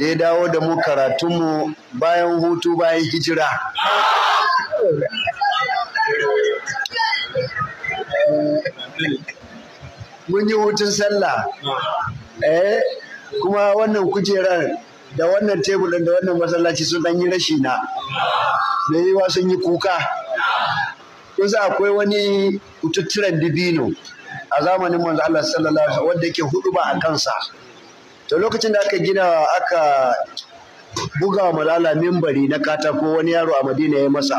da ya dawo da mu karatunmu bayan hutu bayan hijira mun yi hutun sallah eh kuma wannan kujerar da wannan teburin da wannan masallaci sun ɗan yi rashi na da yiwa sun yi kuka kusa akwai wani kututturen dibino a zamanin manzo Allah sallallahu alaihi wasallam wanda yake hudu ba a kansa to lokacin da aka gina aka buga malala mimbari na katako wani yaro a madina ya yi masa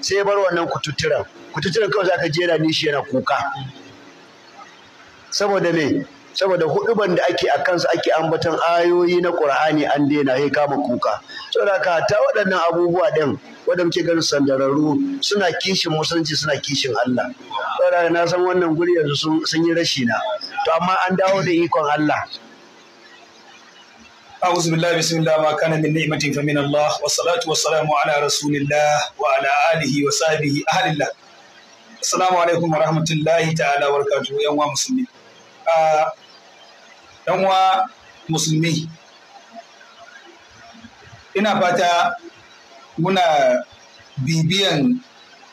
sai ya bar wannan kututturan kututturan kawai za ka jera nishi yana kuka saboda me saboda huduban da ake a kansu ake ambaton ayoyi na qur'ani an daina sai kama kuka saboda ka ta waɗannan abubuwa ɗin wanda muke ganin sandararru suna kishin musulunci suna kishin Allah saboda na san wannan guri yanzu sun yi rashi na to amma an dawo da ikon Allah أعوذ بالله بسم الله ما كان من نعمة فمن الله والصلاة والسلام على رسول الله وعلى آله وصحبه أهل الله السلام عليكم ورحمة الله تعالى وبركاته يا مسلمين يا مسلمين musulmi ina fata muna bibiyan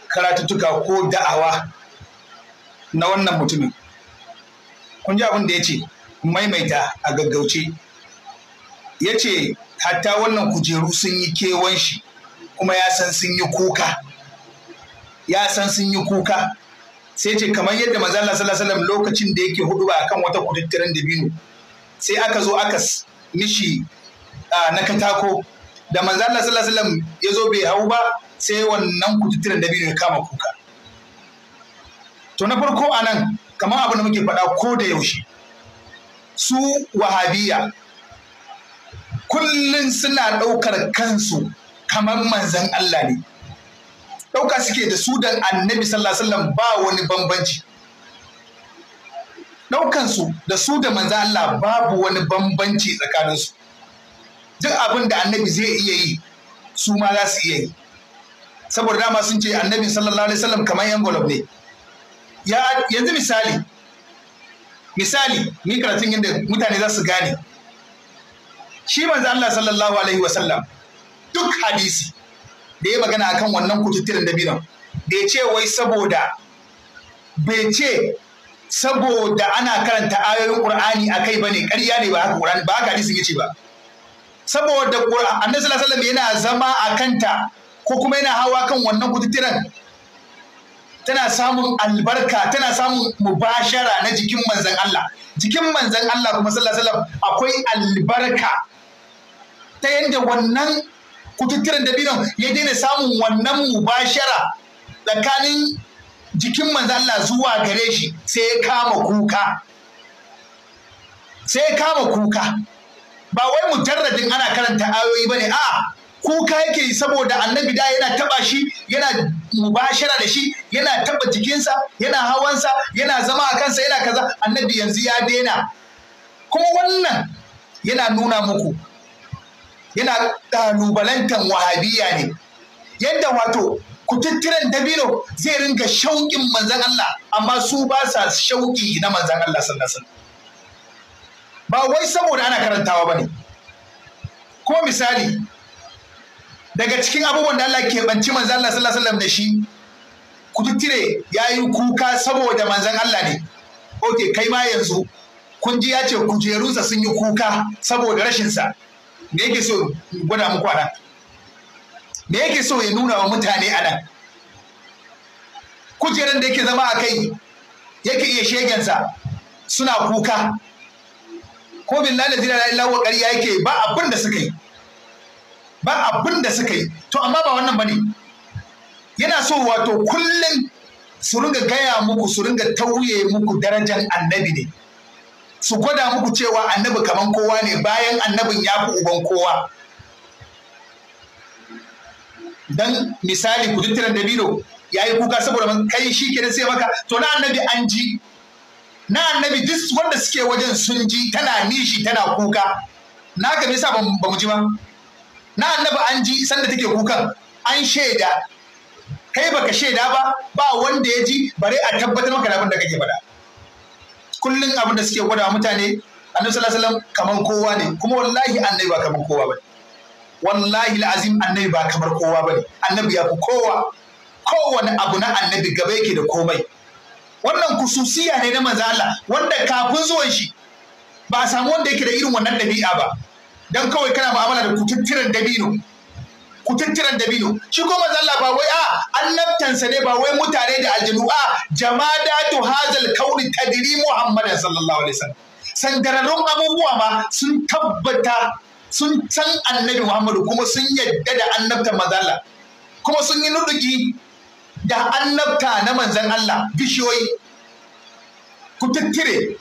karatuttuka ko da'awa na wannan mutumin kun ji abin da ya ce maimaita a gaggauce ya ce hatta wannan kujeru sun yi kewan shi kuma ya san sun yi kuka ya san sun yi kuka sai ce kamar yadda manzo Allah sallallahu lokacin da yake hudu kan wata kututturen dabino sai aka zo aka mishi na katako da manzo Allah sallallahu ya zo bai hau ba sai wannan kututturen dabino ya kama kuka to na farko anan kamar abin da muke faɗa ko da yaushe su wahabiya kullum suna ɗaukar kansu kamar manzan Allah ne ɗauka suke da su da annabi sallallahu alaihi ba wani bambanci ɗaukansu da su da manzan Allah babu wani bambanci tsakaninsu duk abin da annabi zai iya yi su ma za su iya yi saboda dama sun ce annabi sallallahu alaihi wasallam kamar yan golab ne yanzu misali misali ni karatun yadda mutane za su gane shi manzo Allah sallallahu alaihi wasallam duk hadisi da ya magana akan wannan kututturen dabinon bai ce wai saboda bai ce saboda ana karanta ayoyin Qur'ani akai bane ƙarya ne ba haka Qur'ani ba haka hadisi yace ba saboda Qur'an Annabi sallallahu alaihi wasallam yana zama a kanta ko kuma yana hawa kan wannan kututturen tana samun albarka tana samun mubashara na jikin manzon Allah jikin manzon Allah kuma sallallahu alaihi wasallam akwai albarka ta yadda wannan kututturen dabino ya daina samun wannan mubashara tsakanin jikin manzo Allah zuwa gare shi sai ya kama kuka sai ya kama kuka ba wai mujarradin ana karanta ayoyi bane a kuka yake yi saboda annabi da yana taba shi yana mubashara da shi yana taba jikinsa yana hawansa yana zama a kansa yana kaza annabi yanzu ya daina kuma wannan yana nuna muku yana ƙalubalantar wahabiya ne yadda wato kututturen dabino zai ringa shauƙin manzan Allah amma su ba sa shauƙi na manzan Allah sallallahu ba wai saboda ana karantawa ba ne ko misali daga cikin abubuwan da Allah ke banci manzan Allah sallallahu da shi kututture ya yi kuka saboda manzan Allah ne ok kai ma yanzu kun ji ya ce kujerunsa sun yi kuka saboda rashinsa me yake so gwada muku a me yake so ya nuna wa mutane a nan kujeran da yake zama a kai yake iya shegensa suna kuka ko billahi da la ilaha ƙarya yake ba abin da suka yi ba abin da suka yi to amma ba wannan bane yana so wato kullum su ringa gaya muku su ringa tauye muku darajar annabi ne su gwada muku cewa annabi kaman kowa ne bayan annabin ya fi uban kowa dan misali ku da dabino ya yi kuka saboda kai shi ke sai maka to na annabi an ji na annabi duk wanda suke wajen sun ji tana nishi tana kuka na ka nisa ba mu ji ba na annabi an ji sanda take kukan an shaida kai baka shaida ba ba wanda ya ji bare a tabbatar maka labin da kake faɗa kullum abin da suke gwada mutane annabi sallallahu alaihi wasallam kamar kowa ne kuma wallahi annabi ba kamar kowa bane wallahi la'azim annabi ba kamar kowa bane annabi ya fi kowa kowane abu na annabi gaba yake da komai wannan kususiya ne na manzo Allah wanda kafin zuwan shi ba a samu wanda yake da irin wannan dabi'a ba dan kawai kana mu'amala da kututturen dabino kututturan dabino shi ko manzo Allah ba wai a annabtansa ne ba wai mutane da aljinu a jamadatu hazal kauni tadiri muhammadan sallallahu alaihi wasallam sangararrun abubuwa ma sun tabbata sun san annabi muhammadu kuma sun yadda da annabta manzo Allah kuma sun yi nuduki da annabta na manzan Allah bishiyoyi ku tattire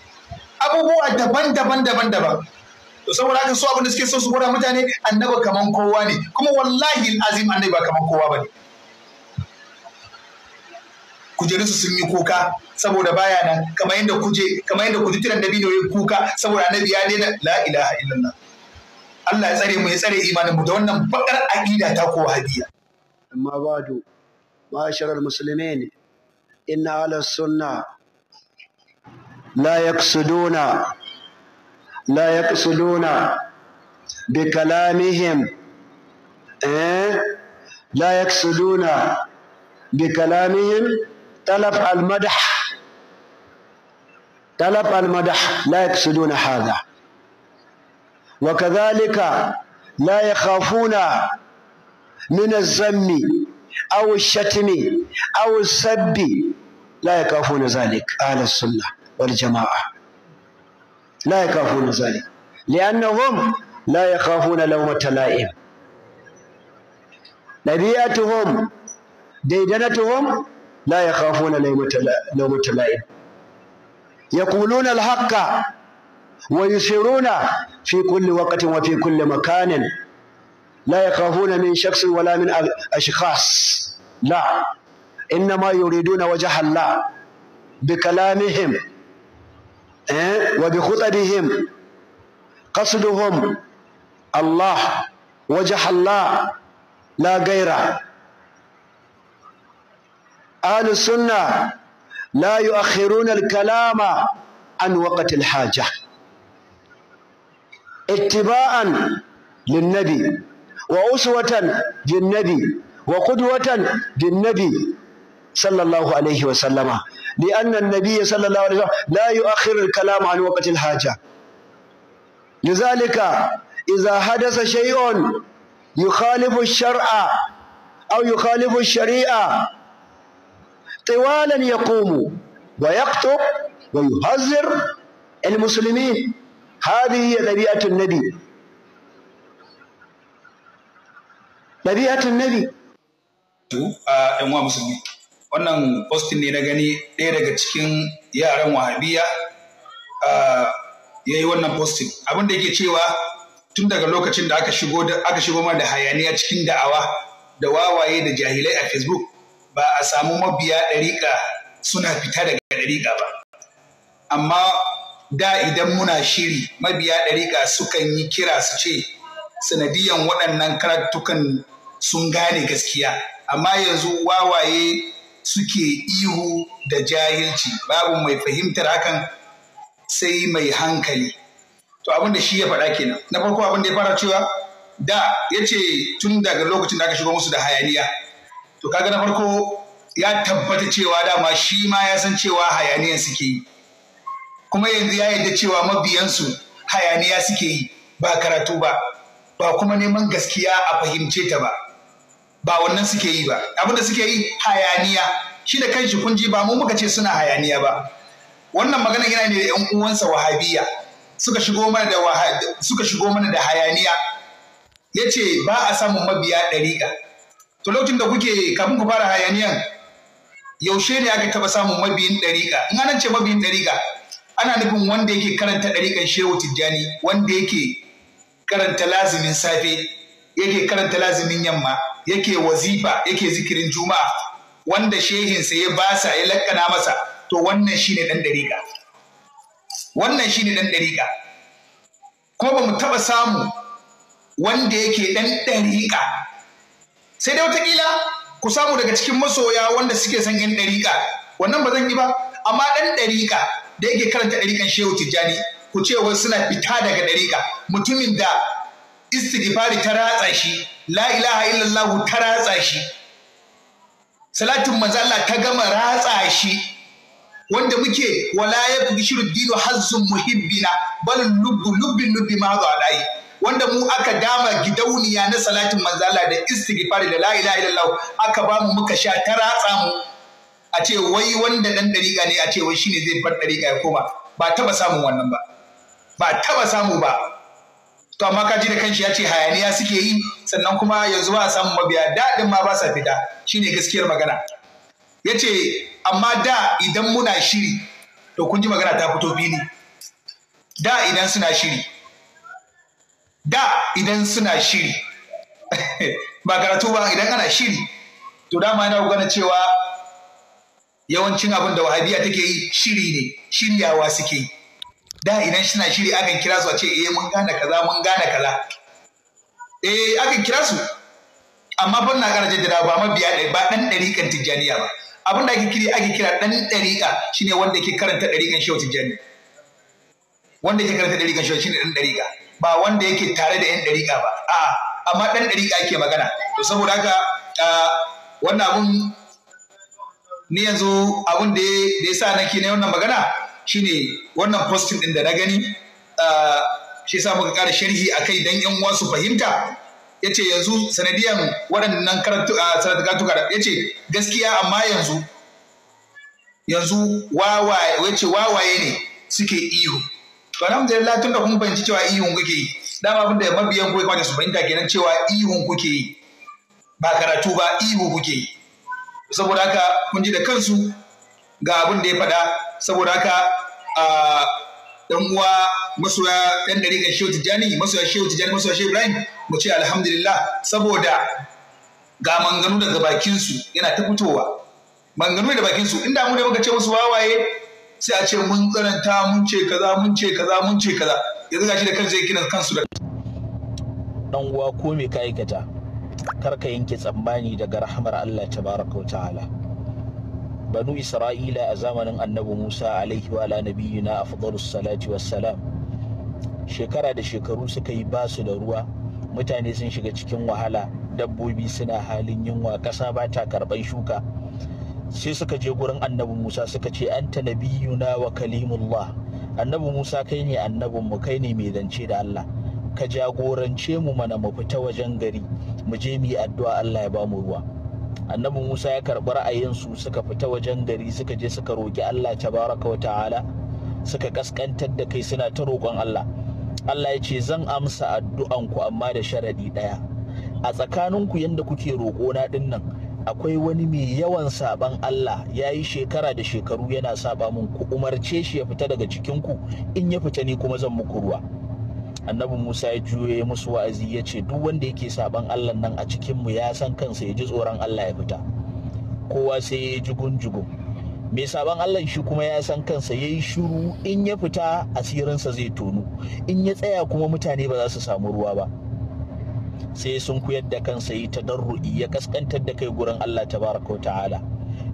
abubuwa daban-daban daban-daban to saboda haka su abin da suke so su gwada mutane annaba kaman kowa ne kuma wallahi azim annabi ba kaman kowa bane su sun yi kuka saboda baya nan kamar yadda kuje kamar yadda kuje tiran da bidiyo ya kuka saboda annabi ya daina la ilaha illallah Allah ya tsare mu ya tsare imanin mu da wannan bakar aqida ta ko hadiya amma badu ma'ashar al-muslimin inna ala sunna la yaksuduna لا يقصدون بكلامهم إيه؟ لا يقصدون بكلامهم طلب المدح طلب المدح لا يقصدون هذا وكذلك لا يخافون من الذم أو الشتم أو السب لا يخافون ذلك أهل السنة والجماعة لا يخافون ذلك لأنهم لا يخافون لومة لائم ɗabi'atuhum daidanatuhum la yakhafuna lawmata la'im yaquluna al-haqqa wa yusiruna fi kulli waqtin wa fi kulli makanin la yakhafuna min shakhsin wala min ashkhas la innama yuriduna wajha Allah بكلامهم وبخطبهم قصدهم الله وجه الله لا غيره أهل السنة لا يؤخرون الكلام عن وقت الحاجة اتباعا للنبي وأسوة للنبي وقدوة للنبي صلى الله عليه وسلم لأن النبي صلى الله عليه وسلم لا يؤخر الكلام عن وقت الحاجة لذلك إذا حدث شيء يخالف الشرع أو يخالف الشريعة طوالا يقوم ويخطب ويهذر المسلمين هذه هي طبيعة النبي طبيعة النبي آه، أمام wannan postin ne na gani ɗaya daga cikin yaran wahabiya ya yi wannan postin abin da yake cewa tun daga lokacin da aka shigo aka shigo ma da hayaniya cikin da'awa da wawaye da jahilai a facebook ba a samu mabiya ɗariƙa suna fita daga ɗariƙa ba amma da idan muna shiri mabiya ɗariƙa sukan yi kira su ce sanadiyan waɗannan karatukan sun gane gaskiya amma yanzu wawaye suke ihu da jahilci babu mai fahimtar hakan sai mai hankali to abin da shi ya faɗa kenan na farko abin da ya fara cewa da ya ce tun daga lokacin da aka shiga musu da hayaniya to kaga na farko ya tabbata cewa dama shi ma ya san cewa hayaniya suke yi kuma yanzu ya yarda cewa mabiyansu hayaniya suke yi ba karatu ba ba kuma neman gaskiya a fahimce ta ba ba wannan suke yi ba abin da suke yi hayaniya shi da kanshi kun ji ba mu muka ce suna hayaniya ba wannan magana yana ne da yan uwansa wahabiya suka shigo mana da suka shigo mana da hayaniya yace ba a samun mabiya ɗariƙa to lokacin da kuke kafin ku fara hayaniyan yaushe ne aka taba samun mabiyin ɗariƙa in an ce mabiyin ɗariƙa ana nufin wanda yake karanta ɗariƙan shehu tijjani wanda yake karanta lazimin safe yake karanta lazimin yamma yake wazifa yake zikirin juma'a wanda shehinsa ya basa ya lakana masa to wannan shine dan dariƙa wannan shine dan dariƙa ko ba mu taɓa samu wanda yake dan dariƙa sai dai wataƙila ku samu daga cikin masoya wanda suke son yan dariƙa wannan ba zan yi ba amma dan dariƙa da yake karanta dariƙan shehu tijjani ku ce wai suna fita daga dariƙa mutumin da istighfari ta ratsa shi la ilaha illallah ta ratsa shi salatin manzo Allah ta gama ratsa shi wanda muke wala ya shiru dinu hazzun muhibbina bal lubbu lubbin lubbi ma dai wanda mu aka dama gidauniya na salatin manzo Allah da istighfar da la ilaha illallah aka ba mu muka sha ta ratsa mu a ce wai wanda dan dariƙa ne a ce wai shine zai bar dariƙa ya koma ba taba samun wannan ba ba taba samu ba to amma ka ji da kanshi ya ce hayaniya suke yi sannan kuma ya zuwa a samun mabiya daɗin ma ba sa fita shine gaskiyar magana ya ce amma da idan muna shiri to kun ji magana ta fito fili da idan suna shiri da idan suna shiri ba karatu ba idan ana shiri to dama yana gana cewa yawancin abin da wahabiya take yi shiri ne shiryawa suke yi da idan suna shiri akan kira su a ce eh mun gane kaza mun gane kaza eh akan kira su amma ban na karaje da ba mabiya ɗaya ba dan dariƙan tijjaniya ba abin da ake kira ake kira dan dariƙa shine wanda ke karanta dariƙan shehu tijani wanda ke karanta dariƙan shehu shine dan dariƙa ba wanda yake tare da yan dariƙa ba a amma dan dariƙa ake magana to saboda haka wannan abun ni yanzu abun da ya sa nake na wannan magana shine wannan posting din da na gani ah, shi sa muka ƙara sharhi a kai don yan uwa su fahimta ya ce yanzu sanadiyan waɗannan karatuka ah, ya ce gaskiya amma yanzu yanzu wawaye ce wawaye ne suke ihu to alhamdulillah tun da kun fahimci cewa ihun kuke yi dama abin da mabiyan kuke kwace su fahimta kenan cewa ihun kuke yi ba karatu ba ihu kuke yi saboda haka kun ji da kansu ga abin da ya faɗa saboda haka a ɗan uwa masoya ɗari ga Shehu Tijjani masoya Shehu Tijjani masoya Shehu Ibrahim mu ce alhamdulillah saboda ga manganu daga bakin su yana ta fitowa manganu da bakin su inda mu da muka ce musu wawaye sai a ce mun tsananta mun ce kaza mun ce kaza mun ce kaza yanzu gashi da kansu ya kina kansu da dan uwa ko me ka aikata kar ka yanke tsammani daga rahmar Allah tabaraka wa ta'ala banu isra'ila a zamanin annabi musa alaihi wa na afdalus salati wassalam shekara da shekaru suka yi basu da ruwa mutane sun shiga cikin wahala dabbobi suna halin yunwa kasa ba ta karban shuka sai suka je gurin annabi musa suka ce anta na wa kalimullah annabi musa kai ne annabin mu kai ne mai zance da allah ka jagorance mu mana mu fita wajen gari mu je mu yi addu'a allah ya ba mu ruwa annabi musa ya karɓi su suka fita wajen gari suka je suka roƙi allah tabaraka wa ta'ala suka ƙasƙantar da kai suna ta roƙon allah allah ya ce zan amsa addu'anku amma da sharaɗi ɗaya a tsakaninku yadda kuke roƙo na nan akwai wani mai yawan saɓan Allah ya yi shekara da shekaru yana saɓa mun ku umarce shi ya fita daga cikinku in ya fita ni kuma zan muku ruwa annabi musa ya juye musu wa'azi ya ce duk wanda yake saban allah nan a cikinmu ya san kansa ya ji tsoron allah ya fita kowa sai ya ji gunjugun mai saban allah shi kuma ya san kansa ya yi shuru in ya fita asirinsa zai tonu in ya tsaya kuma mutane ba za su samu ruwa ba sai sun kuyar da kansa yi tadarru'i ya kaskantar da kai gurin allah tabaraka wa ta'ala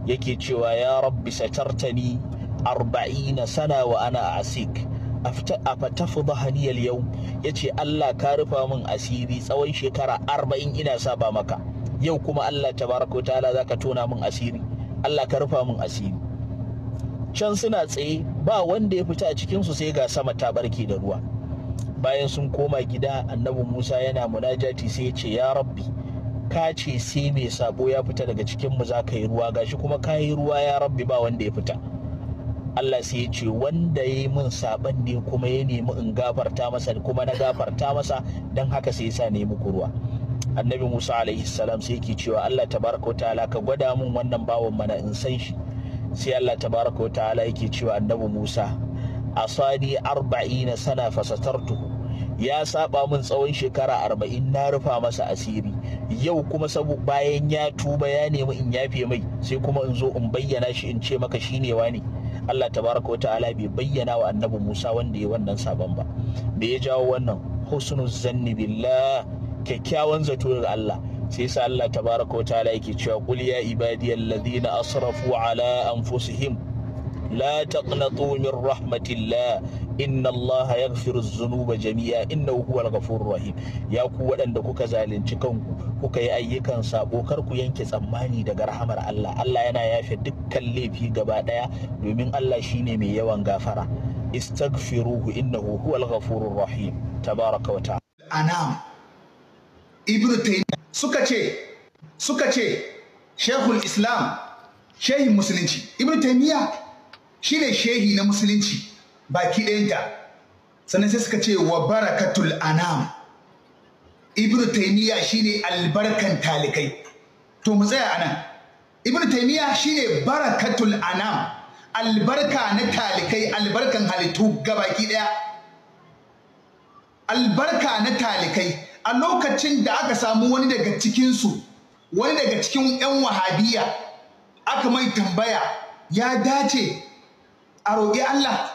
yake cewa ya rabbi satartani arba'ina sana wa ana asik a fatafu bahaniyal yau ya ce Allah ka rufa min asiri tsawon shekara arba'in ina sa saba maka yau kuma Allah tabaraka ta'ala za ka tona min asiri Allah ka rufa min asiri can suna tsaye ba wanda ya fita a cikinsu sai ga sama ta barke da ruwa bayan sun koma gida annabi musa yana munajati sai ya ce ya rabbi ka ce sai mai sabo ya fita daga cikinmu za ka yi ruwa gashi kuma ka yi ruwa ya rabbi ba wanda ya fita Allah sai ya ce wanda ya yi min saban ne kuma ya nemi in gafarta masa kuma na gafarta masa don haka sai ya sa ne muku ruwa annabi musa alaihi salam sai yake cewa Allah tabaraka wa ta'ala ka gwada min wannan bawan mana in san shi sai Allah tabaraka wa ta'ala yake cewa annabi musa asani arba'ina sana fasatartuhu ya saba min tsawon shekara arba'in na rufa masa asiri yau kuma sabu bayan ya tuba ya nemi in yafe mai sai kuma in zo in bayyana shi in ce maka shine ne. Allah tabaraka wa ta'ala bai bayyana wa annabi Musa wanda ya wannan sabon ba me ya jawo wannan husnul zanni billah kyakkyawan zato ga Allah sai sa Allah tabaraka wa ta'ala yake cewa qul ya ibadiyalladhina asrafu ala anfusihim لا تقنطوا من رحمة الله إن الله يغفر الذنوب جميعا إنه هو الغفور الرحيم يا ku waɗanda kuka zalunci kanku kuka yi ayyukan sabo kar ku yanke tsammani daga rahamar Allah Allah yana yafe dukkan laifi gaba ɗaya domin Allah shine mai yawan gafara istaghfiruhu innahu huwal ghafurur rahim tabaraka wa ta'ala anam ibnu taymiyyah suka ce ce shehul islam shehin musulunci ibnu taymiyyah Shi ne shehi na musulunci baki ɗayanta sannan sai suka ce wa barakatul anam ibn shi ne albarkan talikai to mu tsaya anan ibn shi ne barakatul anam albarka na talikai albarkan halittu baki ɗaya albarka na talikai a lokacin da aka samu wani daga cikinsu wani daga cikin 'yan wahabiya aka mai tambaya ya dace a roƙi Allah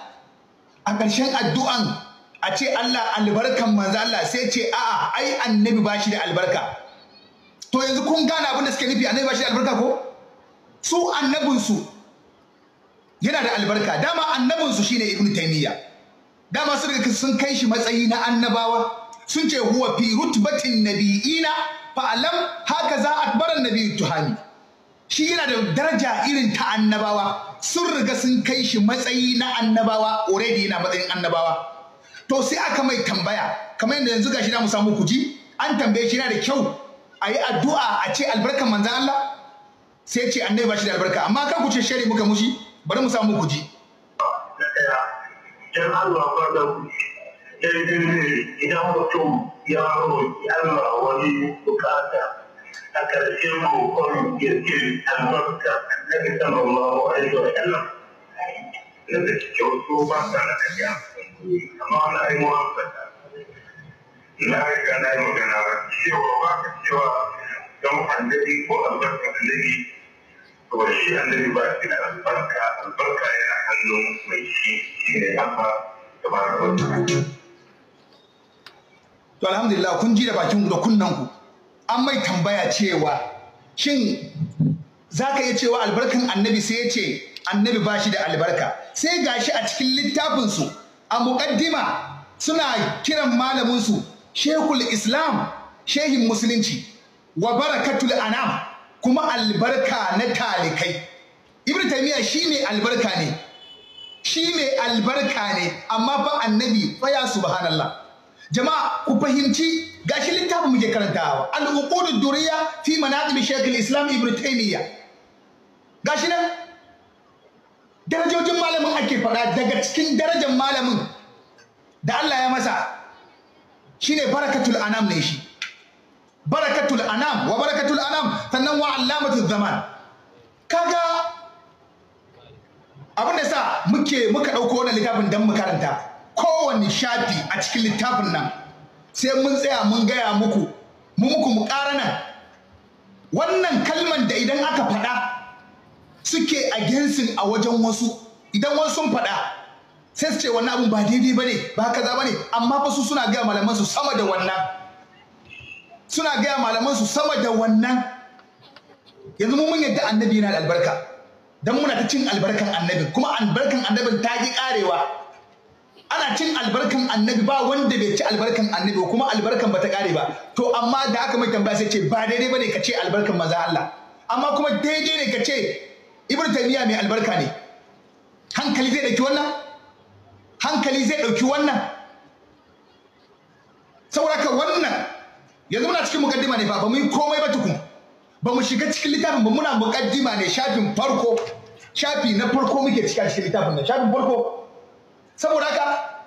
a ƙarshen addu'an a ce Allah albarkan manzo Allah sai ce a'a ai annabi ba shi da albarka to yanzu kun gane abin da suke nufi annabi ba shi da albarka ko su annabinsu yana da albarka dama annabinsu shine ibnu taymiya dama sun daga sun kai shi matsayi na annabawa sun ce huwa fi rutbatin nabiyina fa alam haka za akbaran nabiyyu tuhani shi yana da daraja irin ta annabawa sun riga sun kai shi matsayi na annabawa already yana matsayin annabawa to sai aka mai tambaya kamar yadda yanzu gashi na mu samu kuji an tambaye shi yana da kyau a yi addu'a a ce albarkar manzan Allah sai ce annabi ba shi da albarka amma kan ku ce shari muka mushi bari mu samu kuji dan Allah ba da ku eh, eh, eh, idan mutum ya roƙi Allah wani bukata أكثره قول يسير عن مكة النبي صلى الله عليه وسلم نبي كيوتو بعد أنا كيام أما أنا أي مؤمن لا أنا أي مؤمن سوى بعد سوى كم الذي هو البركة الذي هو الشيء الذي بعد البركة البركة إلى أنه ميشي شيء أما تبارك وتعالى. To alhamdulillah kun ji da bakin da kunnen ku an mai tambaya cewa shin za ka iya cewa albarkan annabi sai ya ce annabi ba shi da albarka sai gashi a cikin littafinsu a muƙaddima suna kiran malaminsu shekul islam shehin musulunci wa barakatul anam kuma albarka na talikai ibn taymiya shi ne albarka ne shi ne albarka ne amma ba annabi faya subhanallah jama'a ku fahimci gashi littafin muke karantawa al-uqudud duriya fi manaqib shaykh al-islam ibn taymiya gashi nan darajojin malamin ake faɗa daga cikin darajar malamin da Allah ya masa shine barakatul anam ne shi barakatul anam wa barakatul anam sannan wa allamatul zaman kaga abin da sa muke muka ɗauko wannan littafin don mu karanta kowane shafi a cikin littafin nan sai mun tsaya mun gaya muku mu muku mu nan wannan kalman da idan aka faɗa suke a ginsin a wajen wasu idan wasu sun faɗa sai su ce wannan abin ba daidai bane ba kaza ne amma fa su suna gaya malaman su sama da wannan suna gaya malaman su sama da wannan yanzu mu mun yadda annabi yana da albarka dan muna ta cin albarkan annabi kuma albarkan annabin ta ki karewa ana cin albarkan annabi ba wanda bai ci albarkan annabi kuma albarkan bata kare ba to amma da aka mai tambaya sai ce ba daidai bane ka ce albarkan maza Allah amma kuma daidai ne ka ce ibn taymiya mai albarka ne hankali zai dauki wannan hankali zai dauki wannan saboda wannan yanzu muna cikin mukaddima ne ba ba mu yi komai ba tukun ba mu shiga cikin littafin ba muna mukaddima ne shafin farko shafi na farko muke cika cikin littafin nan shafin farko saboda haka